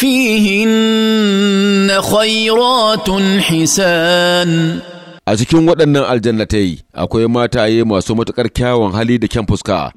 فيهن خيرات حسان a cikin waɗannan aljannatai akwai mataye masu matuƙar kyawun hali da kyan fuska